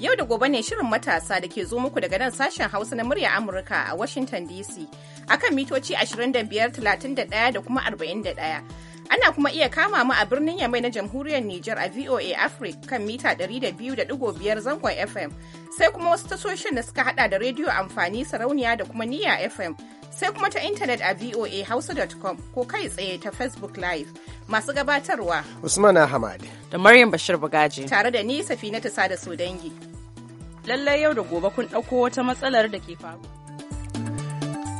Yau da gobe ne shirin matasa da ke zo muku daga nan sashen Hausa na murya Amurka a Washington DC akan mitoci 25, 31 da kuma 41. Ana kuma iya kama mu a birnin Yamai na Jamhuriyar Nijar a VOA Africa kan mita 200.5 zangon FM. Sai kuma wasu tasoshin da suka hada da rediyo amfani sarauniya da kuma niya FM. Sai kuma ta intanet a VOA voahausa.com ko kai tsaye ta Facebook Live. Masu gabatarwa. Usman Ahmad. Da Maryam Bashir Bugaji. Tare da ni da Sada dangi. lallai yau da gobe kun ɗauko wata matsalar da ke faru.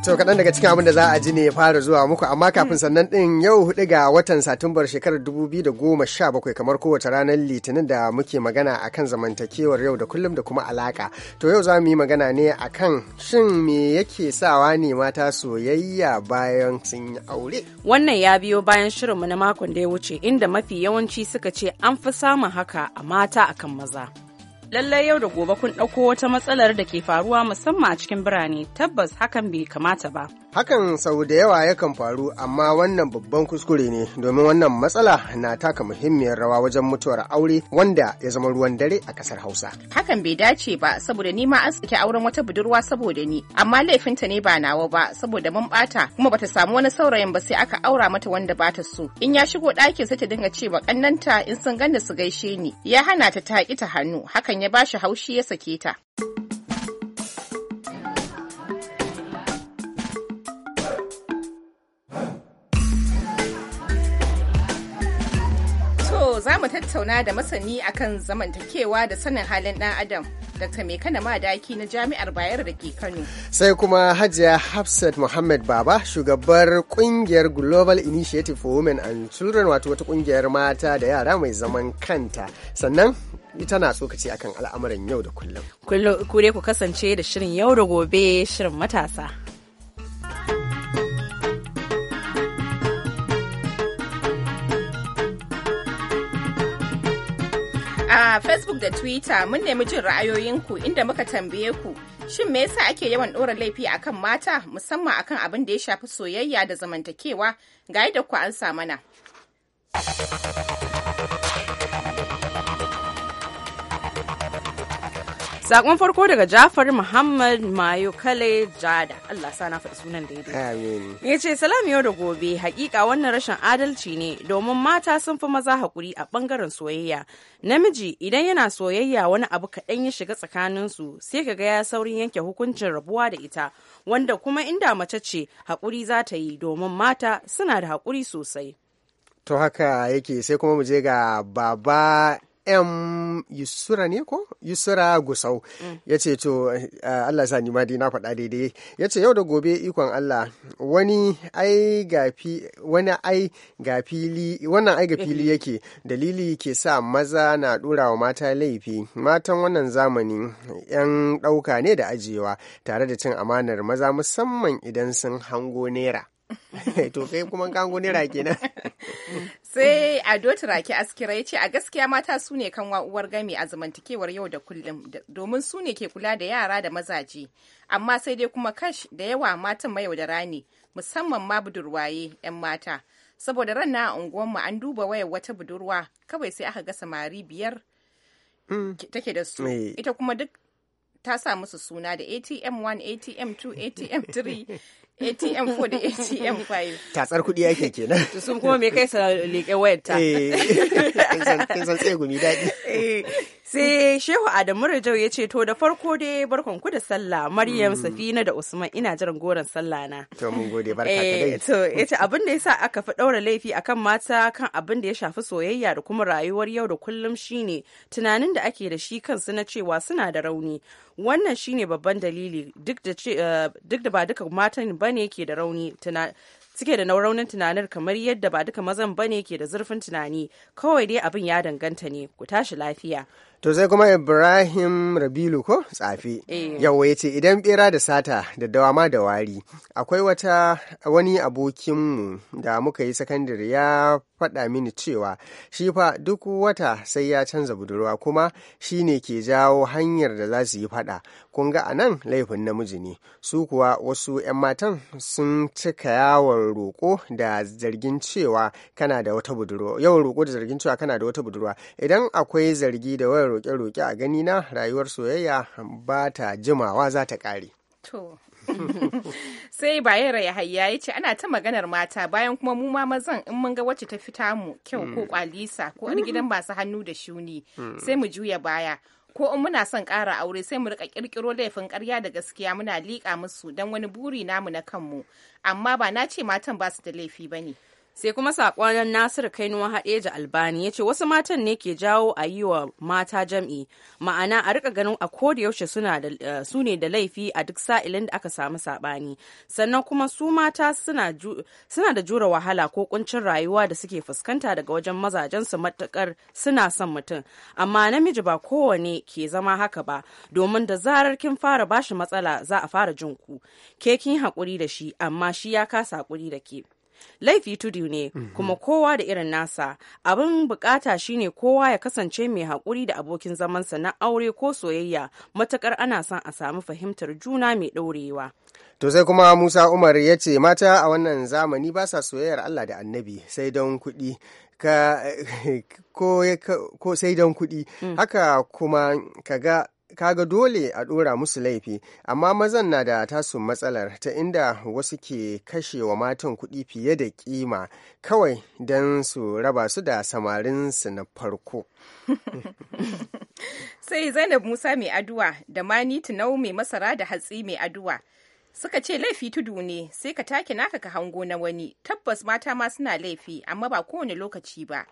to kaɗan daga cikin abin da za a ji ne ya fara zuwa muku amma kafin hmm. sannan ɗin yau hudu ga watan satumbar shekarar dubu biyu da goma sha bakwai kamar kowace ranar litinin da muke magana a kan zamantakewar yau da kullum da kuma alaka to yau za mu yi magana ne a kan shin me yake sawa ne mata soyayya bayan sun yi aure wannan ya biyo bayan shirinmu na makon da ya wuce inda mafi yawanci suka ce an fi samun haka a mata akan maza lallai yau da gobe kun ɗauko wata matsalar da ke faruwa musamman a cikin birane tabbas hakan bai kamata ba. Hakan sau da yawa yakan faru amma wannan babban kuskure ne domin wannan matsala na taka muhimmiyar rawa wajen mutuwar aure wanda ya zama ruwan dare a kasar Hausa. Hakan bai dace ba saboda ni ma an saki auren wata budurwa saboda ni amma laifinta ne ba nawa ba saboda mun bata kuma bata samu wani saurayin ba sai aka aura mata wanda bata so. In ya shigo ɗakin sai ta dinga cewa ƙannanta in sun ganni su gaishe ni ya hana ta ta ta hannu hakan hakan ya bashi haushi ya sake ta. za mu tattauna da masani akan zamantakewa da sanin halin ɗan adam dr kana madaki na jami'ar bayar da ke kano sai kuma hajiya hafsat muhammad baba shugabar kungiyar global initiative for women and children wato wata kungiyar mata da yara mai zaman kanta sannan tana ce akan al'amuran yau da kullum. Ku ku kasance da shirin yau da gobe shirin matasa. A Facebook da Twitter mun nemi jin ra'ayoyinku inda muka tambaye ku shin me yasa ake yawan ɗora laifi akan mata musamman akan abin da ya shafi soyayya da zamantakewa ga yadda ku an mana. Sakon farko daga Jafar Muhammad Mayo Kale Jada. Allah sa na faɗi sunan daidai. Amin. Ya ce salam yau da gobe hakika wannan rashin adalci ne domin mata sun fi maza hakuri a bangaren soyayya. Namiji idan yana soyayya wani abu kaɗan ya shiga tsakaninsu su sai ka gaya saurin yanke hukuncin rabuwa da ita wanda kuma inda mace ce hakuri za ta yi domin mata suna da hakuri sosai. To haka yake sai kuma mu je ga baba M Yusura ne ko? Yusura Gusau. Mm. Ya ce to eh, Allah sa ni na faɗa daidai. Ya ce yau da gobe ikon Allah wani ai ga wani ai ga fili wannan ai ga fili yake dalili ke sa maza na ɗora wa mata laifi. Matan wannan zamani yan ɗauka ne da ajiyewa tare da cin amanar maza musamman idan sun hango nera. to kai kuma kan gune rake na sai ado turaki askira ya ce a gaskiya mata su ne kan uwar gami a zamantakewar yau da kullum domin su ne ke kula da yara da mazaje amma sai dai kuma kash da yawa matan mayau da rani musamman ma budurwaye 'yan mata saboda ran na unguwanmu an duba wayar wata budurwa kawai sai aka ga samari biyar mm. take da su eh. ita kuma duk ta sa musu suna da atm 1 atm 2 atm 3 ATM 4 da ATM 5. Tatsar kuɗi yake kenan. To sun kuma me kai sa leƙe wayar ta. Eh. Kin san tsegumi daɗi. Eh. sai shehu adamu rajau ya ce to da farko dai barkon ku da sallah maryam mm. safina da usman ina jiran goron sallah na to mun gode barka ta eh, dai to yace abin da yasa aka fi daura laifi akan mata kan abin da ya shafi soyayya da kuma rayuwar yau da kullum shine tunanin da ake da shi kansu na cewa suna da rauni wannan shine babban dalili duk da eh, duk da ba duka matan bane ke da rauni suke da nauraunin tunanin kamar yadda ba duka mazan bane ke da zurfin tunani kawai dai abin ya danganta ne ku tashi lafiya To sai kuma Ibrahim Rabilu ko tsafe. Eh. Yawa ya ce idan bera da sata da dawama da wari akwai wata wani abokinmu da muka yi sakandare ya faɗa mini cewa shi fa duk wata sai ya canza budurwa kuma shi ne ke jawo hanyar da za su yi faɗa kun ga anan laifin namiji ne su kuwa wasu 'yan matan sun cika yawon roƙo da zargin cewa kana da wata budurwa yawan roƙo da zargin cewa kana da wata budurwa idan akwai zargi da wayar roƙe-roƙe a gani na rayuwar soyayya ba ta jimawa za ta ƙare. sai bayera ya hayya ya ce ana ta maganar mata bayan kuma mu ma mazan in mun ga wacce ta fita mu kyau ko mm. kwalisa ko wani gidan masu hannu da shuni mm. sai mu juya baya ko in muna son ƙara aure sai mu rika kirkiro laifin ƙarya da gaskiya muna liƙa musu don wani buri namu na kanmu amma ba na ce matan ba su da laifi ba ne sai kuma saƙon nasiru kainuwa haɗeja albani ya ce wasu matan ne ke jawo a yi wa mata jam'i ma'ana a rika ganin a koda yaushe eh, su ne da laifi a duk sa'ilin da aka samu saɓani sannan kuma su mata suna da jura wahala ko kuncin rayuwa da suke fuskanta daga wajen mazajen su matakar suna son mutum amma namiji ba kowane ke zama haka ba domin da zarar kin fara bashi matsala za a fara jin ku ke kin haƙuri da shi amma shi ya kasa haƙuri da ke laifi tudu ne mhm. kuma kowa da irin nasa abin bukata shine kowa ya kasance mai haƙuri da abokin zamansa na aure ko soyayya matakar ana son a samu fahimtar juna mai ɗaurewa To sai kuma Musa Umar ya ce mata a wannan zamani ba sa soyayyar Allah da annabi sai don kuɗi ka ko, sai don kuɗi mm. haka kuma kaga kaga dole a ɗora musu laifi amma mazan na da tasu matsalar ta inda wasu ke kashe wa matan kuɗi fiye da kima kawai don su raba su da samarin su na farko sai zainab musa mai aduwa da mani tunau mai masara da hatsi mai aduwa suka ce laifi tudu ne sai ka take naka ka hango na wani tabbas mata ma suna laifi amma ba kowane lokaci ba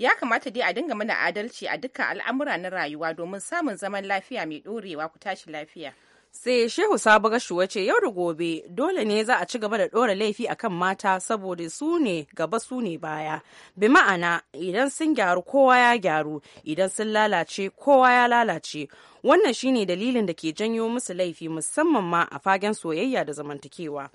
ya kamata dai a dinga mana adalci a dukkan al'amura na rayuwa domin samun zaman lafiya mai ɗorewa ku tashi lafiya. sai shehu sabu gashuwa ce yau da gobe dole ne za a ci gaba da ɗora laifi a kan mata saboda su ne gaba su ne baya bi ma'ana idan sun gyaru kowa ya gyaru idan sun lalace kowa ya lalace wannan shine dalilin da ke janyo musu laifi musamman ma a fagen soyayya da zamantakewa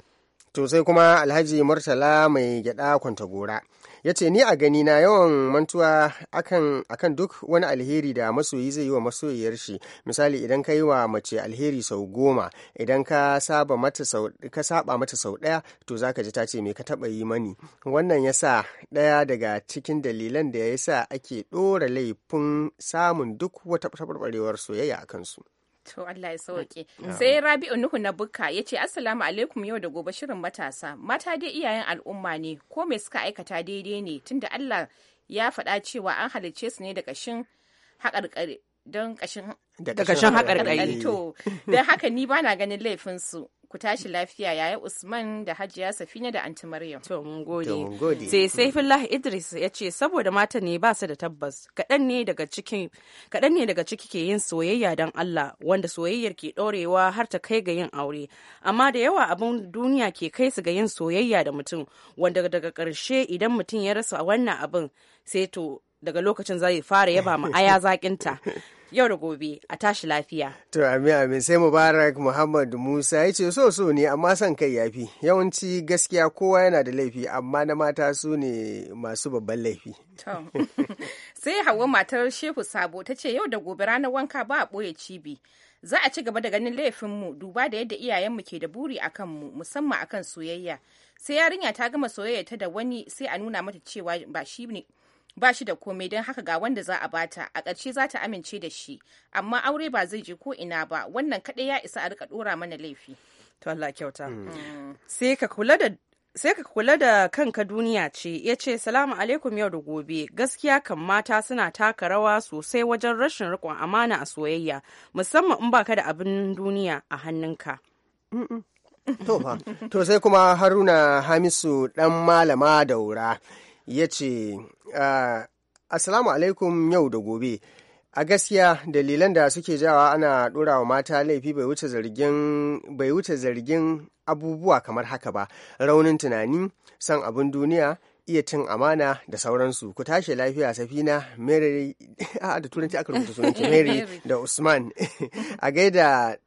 to sai kuma alhaji murtala mai gyada gora. ya ce ni a gani na yawan mantuwa akan, kan duk wani alheri da masoyi zai yi wa masoyiyar shi misali idan ka yi wa mace alheri sau goma idan ka saba mata sau ɗaya to zaka ji ta ce me ka taba yi mani wannan ya sa ɗaya daga cikin dalilan da ya sa ake ɗora laifin samun duk wata taɓarɓarewar soyayya a kansu. To Allah ya sauke. Sai Rabi'u Nuhu na Bukka ya ce Assalamu alaikum yau da gobe shirin matasa. Mata dai iyayen al'umma ne ko mai suka aikata daidai ne tunda Allah ya faɗa cewa an halicce su ne da ƙashin haƙarƙari don ƙashin haƙarƙari. To don haka ni ba na ganin laifinsu ku tashi lafiya yaya usman da hajiya safina da anti maryam to mun gode sai saifullah idris ya ce saboda mata ne ba su da tabbas kadan ne daga cikin kadan ne daga ciki ke yin soyayya dan allah wanda soyayyar ke dorewa har ta kai ga yin aure amma da yawa abun duniya ke kai su ga yin soyayya da mutum wanda daga karshe idan mutum ya rasa wannan abin sai to daga lokacin zai fara yaba ma aya zakinta yau da gobe a tashi lafiya. To amin amin sai Mubarak Muhammad Musa ya ce so so ne amma son kai ya fi yawanci gaskiya kowa yana da laifi amma na mata su ne masu babban laifi. Sai hawa matar Shehu Sabo ta ce yau da gobe ranar wanka ba a ɓoye cibi. Za a ci gaba da ganin laifinmu duba da yadda iyayenmu ke da buri a kanmu musamman akan soyayya. Sai yarinya ta gama soyayya ta da wani sai a nuna mata cewa ba shi ne ba shi da komai don haka ga wanda za a bata a ƙarshe za ta amince da shi amma aure ba zai je ko ina ba wannan kaɗai ya isa a rika ɗora mana laifi to Allah kyauta mm. Mm. sai ka kula da kanka duniya ce ya ce salamu alaikum yau da gobe gaskiya kan mata suna taka rawa sosai wajen rashin riƙon amana a soyayya musamman in baka da abin duniya a hannunka to sai kuma haruna hamisu dan malama daura ya ce ah, assalamu alaikum yau da gobe a gaskiya dalilan da suke jawa ana ɗora wa mata laifi bai wuce zargin abubuwa kamar haka ba raunin tunani san abin duniya iya cin amana da sauransu ku tashi lafiya safina mary a da turanci aka rubuta sunanki mary da usman a gaida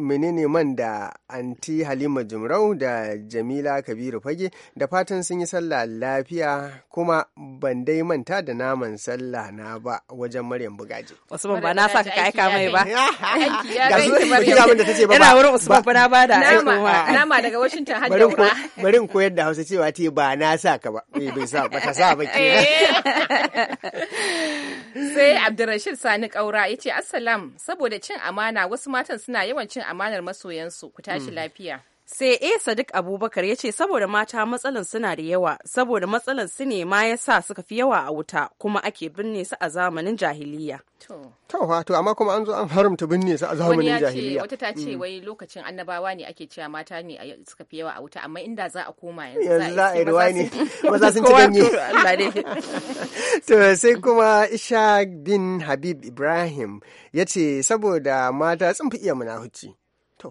menene man da anti halima jumrau da jamila kabiru fage da fatan sun yi sallah lafiya kuma ban dai manta da naman sallah na ba wajen maryam bugaji usman ba na sa ka mai ba ga su da abin da tace ba yana wurin usman ba na ba da aikowa nama daga washington har da ura bari koyar da hausa cewa te ba na sa ka ba eh, bai sa ba ta sa ba ke sai abdurrashid sani kaura ya ce assalam saboda cin amana wasu matan suna yawan cin amanar masoyansu ku tashi mm. lafiya sai E sadiq abubakar ya ce saboda mata matsalan suna da yawa saboda matsalan su ne ma ya sa suka fi yawa a wuta kuma ake binne su a zamanin jahiliya to wato amma kuma an zo an haramta binne su a zamanin jahiliya wata ta ce mm. wai lokacin annabawa ne ake cewa mata ne suka fi yawa a wuta amma inda za a koma yanzu za a yi ruwa ne maza sun ci ganye to sai kuma isha bin habib ibrahim ya ce saboda mata sun fi iya munahuci to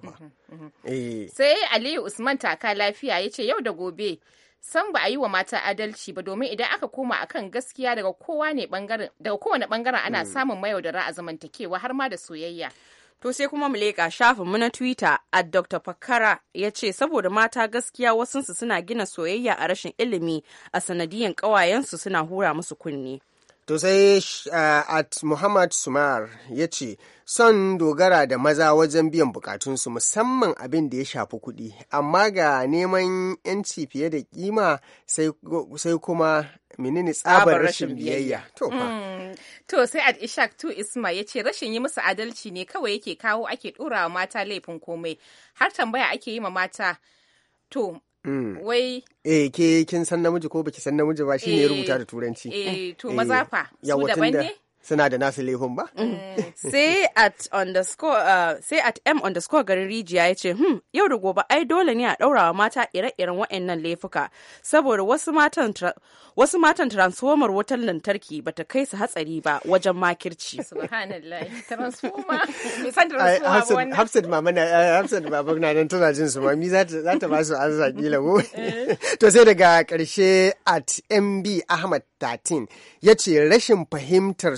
Eh. Sai Aliyu Usman taka lafiya ya ce yau da gobe san ba a yi wa mata adalci ba domin idan aka koma akan gaskiya daga kowane bangaren ana mm. samun mayaudara a zamantakewa har ma da soyayya. To sai kuma mu leƙa mu na Twitter a Dr. Fakara ya ce saboda mata gaskiya wasunsu suna gina soyayya a rashin ilimi a sanadiyan ƙawayensu suna hura musu kunne. to sai uh, at muhammad sumar ya ce son dogara da maza wajen biyan bukatunsu musamman abin da ya shafi kuɗi amma ga neman yanci fiye da kima sai kuma menene tsabar rashin biyayya mm. to sai at ishak tu isma ya ce rashin yi musu adalci ne kawai yake kawo ake ɗora wa mata laifin komai har tambaya ake yi ma mata to Mm. wai eh ke kin san namiji ko baki san namiji ba shine eh, rubuta da turanci eh to eh, maza fa su daban ne suna da nasu lehun ba? Mm. Uh, sai at m underscore garin rijiya ya ce hmm yau da gobe ai dole ne a ɗaura wa mata ire-iren waɗannan laifuka saboda wasu matan transformer wutar lantarki ba ta kai su hatsari ba wajen makirci. Subhanallah transformer transformer Hafsat mama na eh, Hafsat ba eh. To sai daga ƙarshe at ahmad 13 ya rashin fahimtar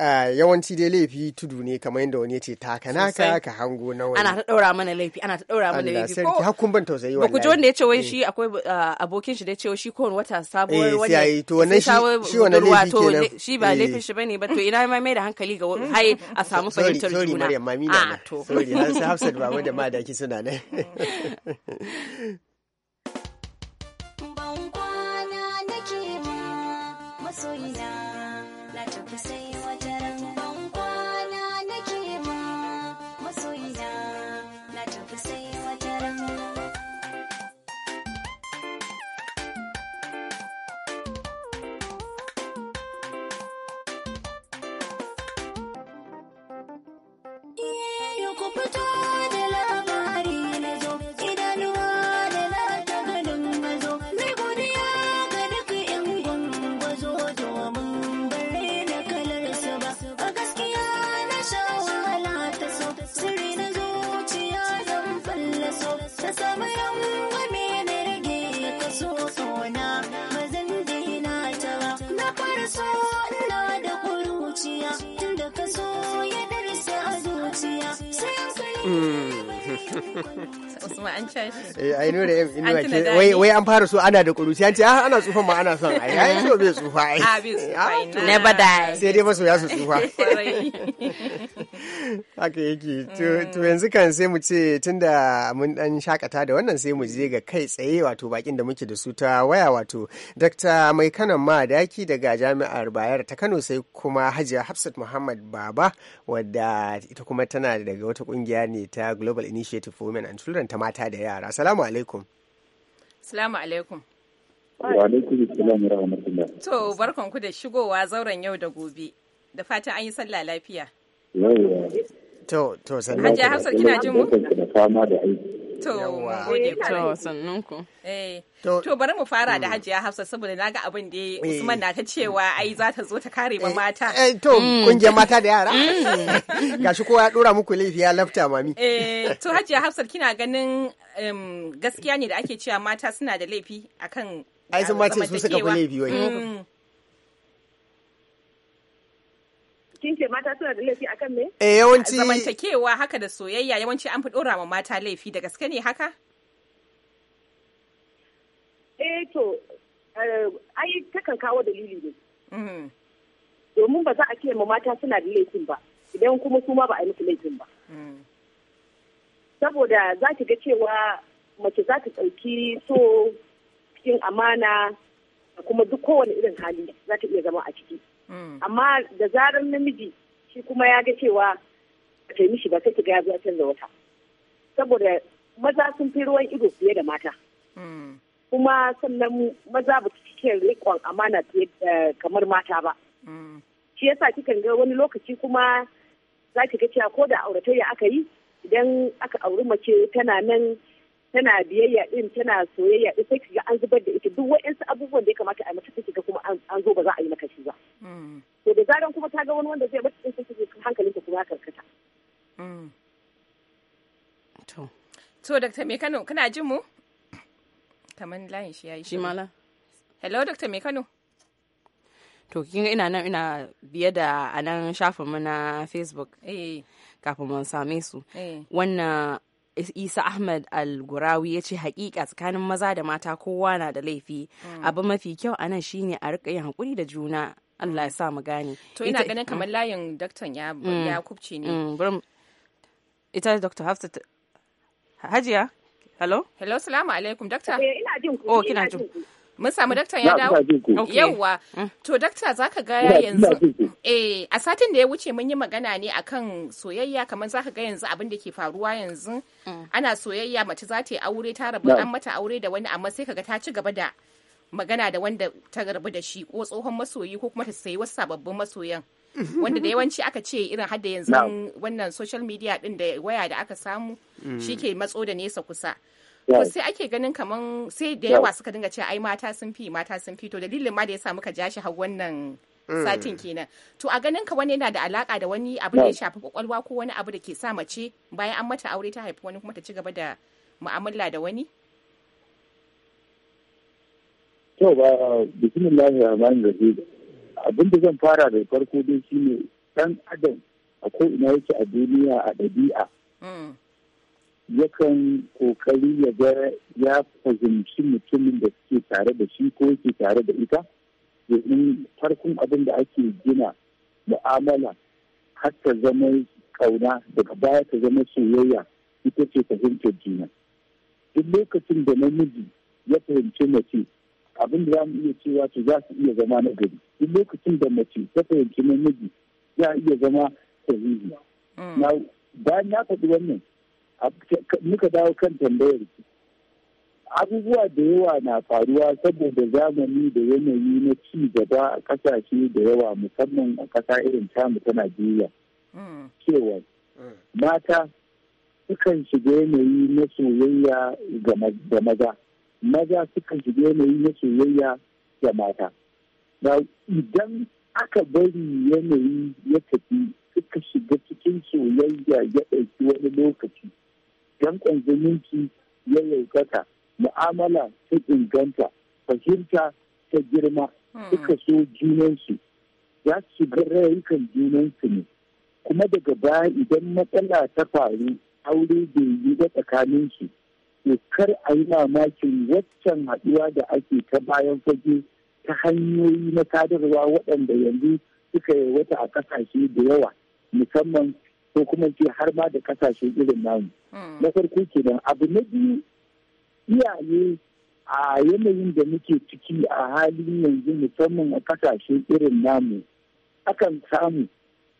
Uh, yawanci dai laifi tudu ne kamar yadda wani ce taka naka ka hango na wani ana ta daura mana laifi ana ta daura mana laifi ko har kun ban tausayi wallahi ku ji wanda ce wai shi eh. akwai abokin shi da ce shi kowane wata sabuwar eh, wani sai to wannan shi wannan laifi kenan shi ba eh. laifin shi bane ba to ina ma mai da hankali ga hai a samu fahimtar juna sorry Maryam mami na ah, to sorry har sai Hafsat baba da ki suna ne ban kwana nake masoyi Mm. Usman an Eh ai wai wai an fara so ana da kuruci an ce ah ana tsufa ma ana son ai ai so bai tsufa ai. Ah bai tsufa ah, Sai dai masoya su tsufa. Haka yake mm. to yanzu kan sai mu ce tunda mun dan shakata da wannan sai mu je ga kai tsaye wato bakin da muke da su ta waya wato Dr. Mai Kanan Madaki daga Jami'ar Bayar ta Kano sai kuma Hajiya Hafsat Muhammad Baba wadda ita kuma tana daga wata kungiya ne ta Global Initiative for Women and Children ta mata da yara. Salamu alaikum. Salamu alaikum. Wa alaikum salam wa rahmatullah. To barkan ku da shigowa zauren yau da gobe. Da fatan an yi sallah lafiya. Yawwa. To to sallah. Hajji Hafsat kina jin mu? To, to sannun ku. Eh, to, bari mu fara da mm. Hajiya Hafsa saboda na ga abin da eh. Usman na ta cewa ai za ta zo ta kare ma eh, mata. Eh, to, mm. kungiyar mata da yara. Mm. Gashi kowa ya dora muku laifi ya lafta mami. Eh, to Hajiya Hafsa kina ganin gaskiya ne da ake cewa mata suna da laifi akan ai sun ma su suka fi laifi wai. kin ce mata suna da laifi akan me? Eh yawanci zamantakewa haka da soyayya yawanci an fi ɗora ma mata laifi da gaske ne haka? Eh to eh, ai kan kawo dalili ne. Mm-hmm. Domin ba za a ce ma mata suna da laifin ba idan kuma su ba a yi musu laifin ba. Mm. Saboda za ki ga cewa mace za ta ɗauki so cikin amana kuma duk kowane irin hali za ta iya zama a ciki. Mm. amma da zarar namiji shi kuma ya ga cewa ta yi mishi ba sai ga ya zo canza wata saboda maza sun fi ruwan ido fiye da mata mm. kuma sannan maza ba su cikin riƙon amana fiye eh, kamar mata ba mm. shi yasa kikan ga wani lokaci kuma za ki ga cewa ko da auratayya aka yi idan aka auri mace tana nan tana biyayya din tana soyayya din sai kiga an zubar da ita duk wa'ansu abubuwan da ya kamata a mata kiga kuma an zo ba za a yi maka shi ba mm. to da zaran kuma ta ga wani wanda zai mata din sai hankalin ta kuma karkata mm. to to dakta me Kano kana jin mu kaman layin shi yayi shi mala hello dakta me Kano to kin ina nan ina biye da anan shafin mu na facebook eh. kafin mun same su eh. wannan isa ahmed al-gurawi ya ce hakika tsakanin maza da mata kowa na da laifi mm. abu mafi kyau a nan shine a rika yin hakuri da juna allah ya sa mu gane to ina ganin kamar mm. layin daktan ya mm. kubce ne ita dr hafsat hajiya hello hello salamu alaikum dr eh, ina jin ku oh kina jin mun samu daktan ya dawo yawwa to dakta zaka ga yanzu eh a satin da ya wuce mun yi magana ne akan soyayya kamar zaka ga yanzu abin da ke faruwa yanzu mm. ana soyayya mace za ta yi aure ta rabu an mata aure da wani amma sai kaga ta ci gaba da magana da wanda ta rabu da shi ko tsohon masoyi ko kuma ta sayi wasu sababbin masoyan wanda da yawanci aka ce irin hadda yanzu wannan social media din da waya da aka samu mm. shi ke matso da nesa kusa to sai ake ganin kaman sai da yawa suka dinga cewa ai mata sun fi mata sun fi to dalilin ma da yasa muka ja shi har wannan mm. satin kenan to a ganin ka wani yana da alaka da wani abu da ya shafi kwakwalwa ko wani abu da ke sa mace bayan an mata aure ta haifi wani kuma ta ci gaba da mu'amala da wani to ba bismillahir da rahim abin da zan fara da farko dai shine dan adam a ko ina yake a duniya a dabi'a. yakan kokari ya ga ya fahimci mutumin da suke tare da shi ko yake tare da ita domin farkon abin da ake gina mu'amala har ta zama kauna daga baya ta zama soyayya ita ce fahimtar juna duk lokacin da namiji ya fahimci mace abin da za mu iya cewa to za su iya zama na gari duk lokacin da mace ta fahimci namiji za iya zama sahihi mm. na bayan ya faɗi wannan muka dawo kan tambayar abubuwa da yawa na faruwa saboda zamani da yanayi na ci gaba a kasashe da yawa musamman a kasa irin tamu ta najeriya hmm. cewa hmm. mata sukan shiga yanayi na soyayya ga maza maza sukan shiga yanayi na soyayya ga mata na idan aka bari yanayi ya tafi suka shiga cikin soyayya ya ɗauki wani lokaci danƙon zumunci ya yaukata mu'amala ta inganta fahimta ta girma hmm. suka so junansu za su shiga rayukan junansu ne kuma daga baya idan matsala ta faru aure bai yi ba tsakaninsu to kar a yi mamakin waccan haɗuwa da ake ta bayan fage ta hanyoyi na sadarwa waɗanda yanzu suka yi wata a ƙasashe da yawa musamman ko kuma ce har ma da kasashe irin namu hmm. na farko kenan abu na biyu iyaye a yanayin da muke ciki a halin yanzu musamman a kasashe irin namu akan samu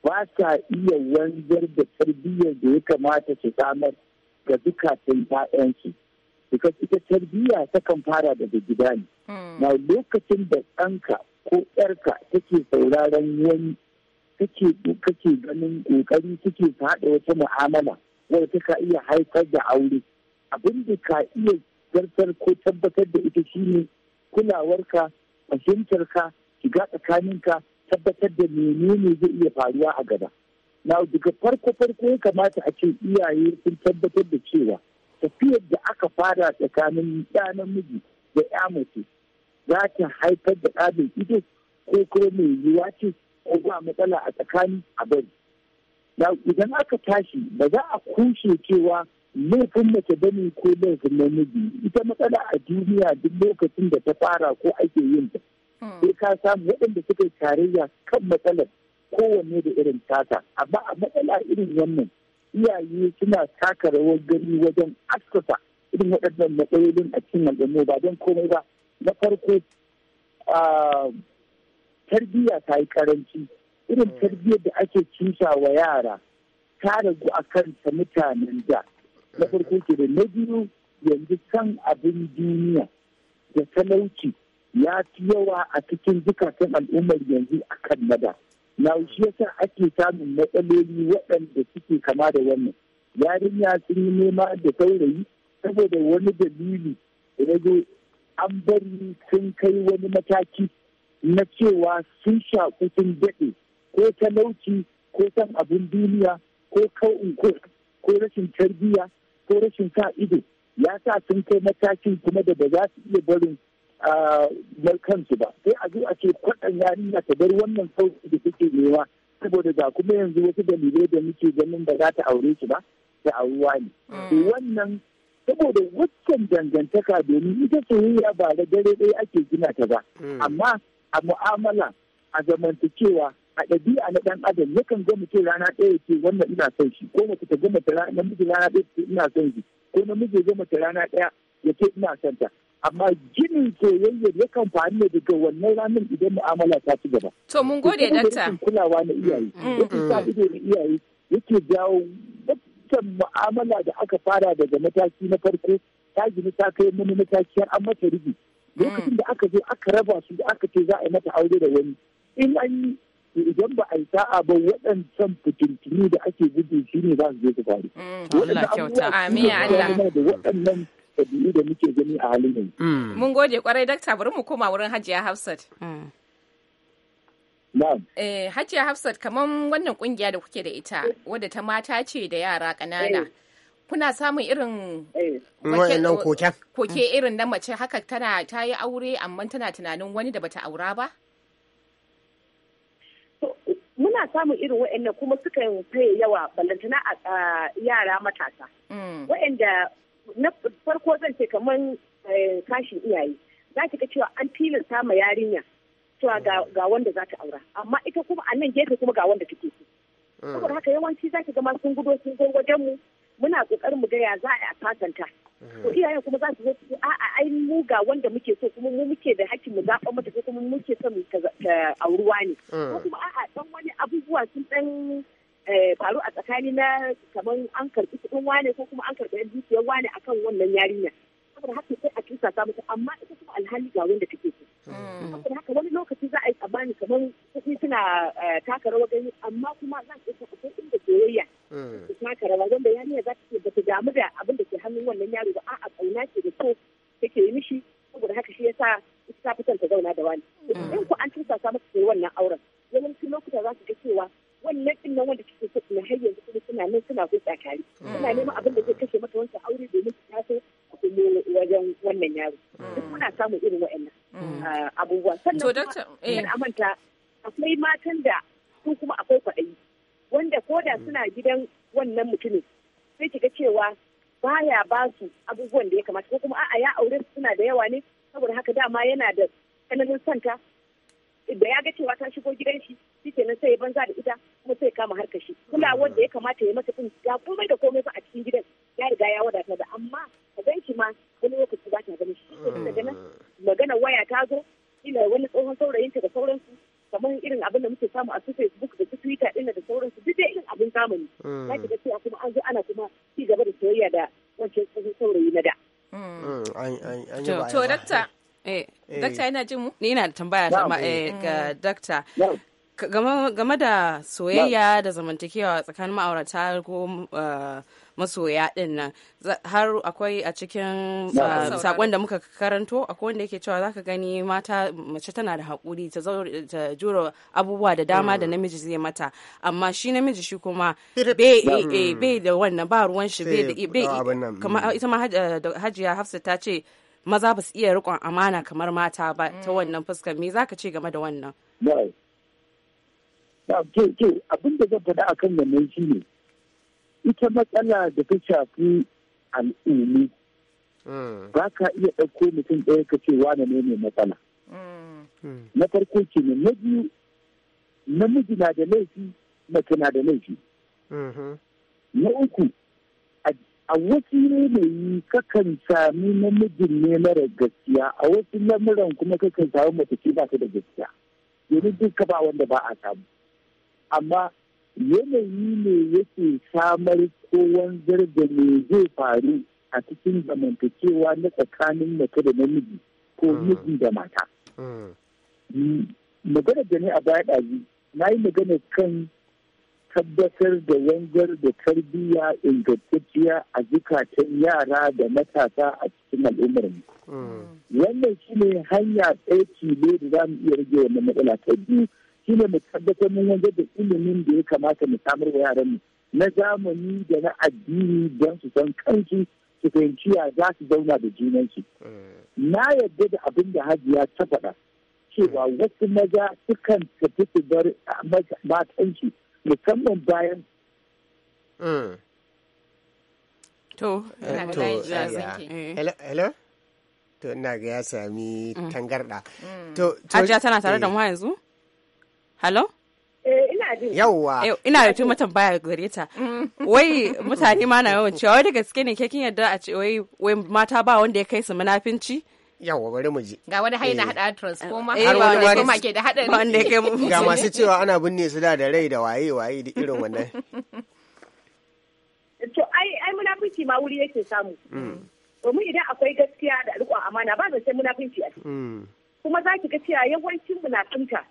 ba sa iya wanzar da tarbiyyar da ya kamata su samar ga zukatan 'ya'yansu. Because ita tarbiyya takan fara daga gida ne. Hmm. Na lokacin da ɗanka ko ƴarka take sauraron wani kake kake ganin kokari kake haɗa wata mu'amala wanda ta iya haifar da aure abin da ka iya zartar ko tabbatar da ita shine kulawarka fahimtarka shiga tsakaninka tabbatar da menene zai iya faruwa a gaba na daga farko farko ya kamata a ce iyaye sun tabbatar da cewa tafiyar da aka fara tsakanin ɗa namiji da ya mace za ta haifar da ɗa ido ko kuma mai yiwuwa ce ko ba matsala a tsakanin a bari da idan aka tashi ba za a kushe cewa laifin mace ne ko laifin namiji ita matsala a duniya duk lokacin da ta fara ko ake yin ta hmm. sai ka samu waɗanda suka yi tarayya kan matsalar kowanne da irin tata amma a matsala irin wannan iyaye suna taka rawar gani wajen askata irin waɗannan matsalolin a cikin al'umma ba don komai ba na farko ah, tarbiyya ta yi karanci irin mm. tarbiyyar da ake cinsa wa yara ta ragu a kanta mutanen da na farko ke da na biyu yanzu kan abin duniya da talauci ya fi yawa a cikin zukatan al'ummar yanzu a kan nada na mm. shi yasa ake samun matsaloli waɗanda suke kama da wannan yarinya sun yi nema da saurayi saboda wani dalili ya zo an bari sun kai wani mataki na cewa sun sha kusan daɗe ko talauci ko san abin duniya ko kau'in ko rashin tarbiyya ko rashin sa ido ya sa sun kai matakin kuma da ba za su iya barin a kansu ba sai a zo a ce kwaɗan yarinya ta bar wannan sauki da suke nema saboda ga kuma yanzu wasu dalilai da muke ganin ba za ta aure shi ba da auruwa ne mm. wannan saboda waccan dangantaka domin ita soyayya ba da dare ɗaya ake gina ta ba mm. amma a mu'amala a zamantakewa a ɗabi'a na ɗan adam yakan ga mutum rana ɗaya ce wannan ina son shi ko mace ta ga mace namiji rana ɗaya ce ina son shi ko namiji ga mace rana ɗaya ya ce ina son ta amma ginin soyayyar yakan faru ne daga wannan ranar idan mu'amala ta ci gaba. To mun gode dakta. kulawa na iyaye. Mm, mm. Yake sa ido na iyaye yake jawo dukkan mu'amala da aka fara daga mataki na farko ta gini ta kai mini mataki har an mata rigi lokacin mm. da aka zo aka raba su da aka ce za a yi mata aure da wani in an yi idan ba a yi sa'a ba waɗancan fitintini da ake gudu shi ne za su je su faru. Mm. Allah kyauta. Amin Allah. Da waɗannan ɗabi'u da muke gani a halin yanzu. Mm. Mun gode kwarai dakta bari mu koma wurin Hajiya Hafsat. Eh, Hajiya Hafsat kamar wannan kungiya da kuke da ita wadda ta mata ce da yara ƙanana. Eh. kuna samun irin eh. koken koke irin na mace haka tana ta yi aure amma tana tunanin wani da bata aura ba muna samun irin wayannan kuma yi faye yawa ballantana a yara matasa mm. wayanda na farko zan ce kamar kashin eh, iyaye za ki cewa an tilasta ma yarinya cewa ga wanda za ta aura amma ita kuma a nan gefe kuma ga wanda take so mm. saboda haka yawanci za ki gama sun gudo sun zo wajen mu muna kokar mu gaya za a sasanta mhm. to iyayen kuma za su zo su a a ai mu ga wanda muke so kuma mu muke da hakkin mu zaɓa mata ko kuma muke son ta auruwa ne mhm. ko kuma a a dan wani abubuwa sun dan eh, faru a tsakani na kamar an karbi kuɗin wane ko kuma an karbi dukiyar wane akan wannan yarinya saboda haka sai a kisa ta mata amma ita kuma alhali ga wanda take so mm. saboda haka wani lokaci za a yi tsammani kamar kuɗi suna eh, taka rawa gani amma kuma za su iya akwai inda soyayya Mm. mata rawa wanda yarinya za ta ta damu da abin da ke hannun wannan yaro ba a'a kauna ce da so take yi mishi saboda haka shi yasa sa ta fitan ta zauna da wani mm. idan ku an tursa sa maka wannan auren yawancin lokuta za su ga cewa wannan din nan wanda kike so na har yanzu kuma suna nan suna hulɗa tare mm. suna neman abin da zai kashe mata wancan aure domin su taso a kuma wajen wannan yaro duk muna samun irin waɗannan ah, abubuwa sannan kuma amanta eh. akwai matan da su kuma akwai kwaɗayi wanda ko da suna gidan wannan mutumin sai kiga cewa baya ba su abubuwan da ya kamata ko kuma a'a ya aure suna da yawa ne saboda haka dama yana da tsananin santa da ya ga cewa ta shigo gidan shi shi kenan sai ya banza da ita kuma sai kama harkar shi kulawar da ya kamata ya mata din ga komai da komai fa a cikin gidan ya riga ya wadata da amma a gan shi ma wani lokaci ba ta ganin shi daga nan ah. magana waya ta zo ina wani tsohon saurayinta da sauran to dakta dakta yana jin mu ni ina da tambaya eh, ga mm. dakta game da soyayya da zamantakewa tsakanin ma'aurata ko uh, masoya din nan har akwai a cikin uh, sakon da muka karanto akwai wanda yake cewa zaka gani mata mace tana da hakuri ta jura abubuwa da dama da mm. namiji zai mata amma shi namiji shi kuma eh, eh, bai da wannan ba ruwan shi bai kamar mm. ita ma hajiya hafsa ta ce maza ba su iya riƙon amana kamar mata ba ta wannan fuskar me zaka ce game da wannan to to abin da zan faɗa akan wannan shi ne ita matsala da ta shafi al'umma. Mm. ba ka iya ɗauko mutum ɗaya ka ce wane ne ne matsala mm. na farko ke ne na biyu namiji na da laifi mace na da laifi mm-hmm. na uku a wasu yanayi kakan sami namijin ne mara gaskiya a wasu lamuran kuma kakan sami mace ce ba ta da gaskiya domin duka ba wanda ba a samu amma yanayi ne yake samar ko wanzar da zai faru a cikin zamantakewa na tsakanin mace da namiji ko hmm. miji da mata hmm. magana da ne a baya ɗazi na yi magana kan tabbatar da yanzar da tarbiyya ingantacciya a zukatan yara da matasa a cikin al'ummar mu. Hmm. Wannan shi ne hanya ɗaya tilo da za mu iya rage wannan matsala ta biyu shi ne mu tabbatar mun wanzar da ilimin da ya kamata mu samar wa yaran mu na zamani da na addini don su san kansu su fahimci ya za su zauna da junansu. Hmm. Na yadda da abin da Hajiya ta faɗa cewa wasu maza sukan tafi su bar matansu musamman bayan mm. to eh, eh. hello to ina ga ya sami mm. tangarda mm. to ajiya tana tare da eh. mu yanzu hello yauwa ina da tumata baya gare ta wai mutane ma na yawan cewa wai da gaske ne ke kin yadda a ce wai mata ba wanda ya kai su munafinci yawa bari mu je ga wani haina eh. hada transformer har eh, wani ke da hadari wanda kai ga masu cewa ana binne su da da rai da waye waye da irin wannan to ai ai munafici ma wuri yake samu mm. domin idan akwai gaskiya da riƙon amana ba zan sai munafinci a mm. kuma za ki ga cewa yawancin munafinta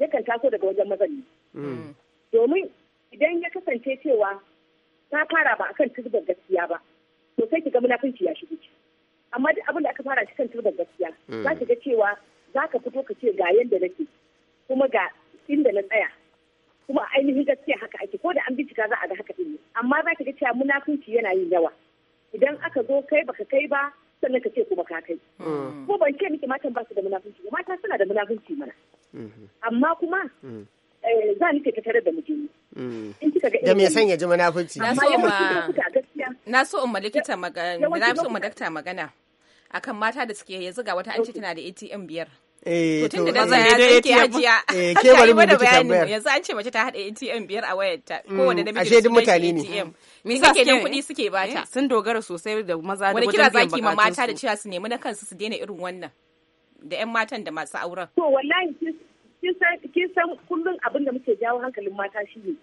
yakan taso daga wajen mazan mm. domin idan ya kasance cewa ta fara ba akan tuzubar gaskiya ba to sai ki ga munafinci ya shigo ciki amma duk abin da aka fara cikin kan turban gaskiya mm. za ka ga cewa za ka fito ka ce ga yadda nake kuma ga inda na tsaya kuma ainihin gaskiya haka ake ko da an bincika za a ga haka ɗin amma za ka ga cewa munafunci yana yin yawa idan aka zo kai baka kai ba sannan ka ce kuma ka kai mm. ko ban ce miki matan ba su da munafunci ba mata suna da munafunci mana mm-hmm. amma kuma mm. eh, za ni ta tare da mijini da me san ya ji munafunci na so umma in ma likita magana na so umma ma magana akan mata da suke yanzu ga wata an ce tana da ATM biyar. Eh, to da eh, zai ya tsinke hajiya. Eh, ke bari mu miki tambayar. Yanzu an ce mace ta haɗa ATM biyar a wayarta. Mm, Kowanne namiji da mutane ne. Me yasa suke kuɗi suke bata? Eh, sun dogara sosai da maza da wajen biyan Wani kira zaki ma mata da cewa su nemi na kansu su daina irin wannan. Da 'yan matan da masu auren. To wallahi kin san kullum abin da muke jawo hankalin mata shi ne.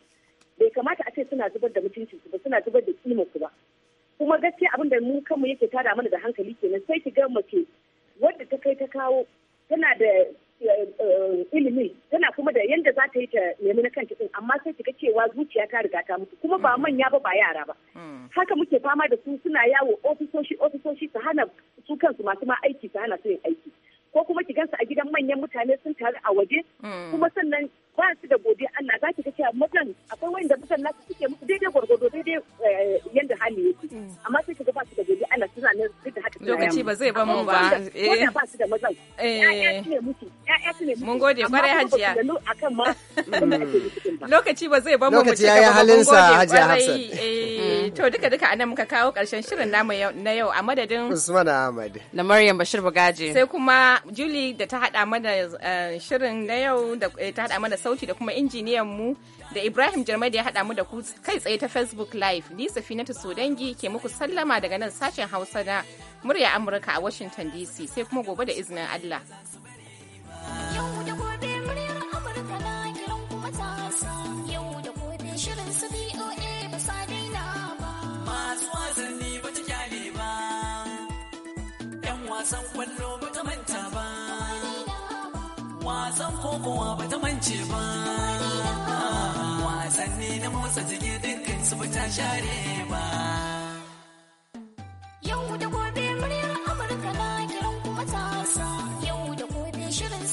Bai kamata a ce suna zubar da mutuncinsu ba suna zubar da kimarsu ba. kuma gaskiya abin da mu kanmu yake tada mana da hankali kenan sai ki ga mace wadda ta kai ta kawo tana da eh, eh, ilimi tana kuma da yanda za ta yi ta nemi na kanta kitin amma sai ki ga cewa zuciya ta riga ta mutu kuma ba mm. manya ba ba yara ba mm. haka muke fama da su suna yawo ofisoshi ofisoshi su hana su kansu masu ma aiki su hana su yin aiki ko kuma ki gansu a gidan manyan mutane sun taru a waje hmm. kuma sannan ba su da godiya Allah za ki ga cewa mutan akwai wanda mutan nasu suke musu daidai gwargwado daidai eh, yanda hali yake hmm. amma sai ki ga ba su da godiya Allah suna nan duk da haka lokaci ba zai ba mu ba eh ba su da mazan eh mun gode kwarai hajiya lokaci ba zai ba mu ba lokaci ya halinsa hajiya kwarai eh hmm. To duka duka anan muka kawo karshen shirin namu na yau a madadin Usman Ahmad da Maryam Bashir Bagaje. Sai kuma Julie da ta hada mana eh, shirin na yau da eh, ta hada mana sauti da kuma injiniyan mu da Ibrahim Jarmai da ya hada mu da ku kai tsaye ta Facebook Live. Ni Safinatu Sodangi ke muku sallama daga nan sashen Hausa na murya Amurka a Washington DC sai kuma gobe da izinin Allah. kwallo ba ta manta ba wasan kokowa ba ta mance ba wasanni na motsa jiki dukkan su ba ta share ba yau da gobe muryar amurka na kiran kuma ta yau da gobe shirin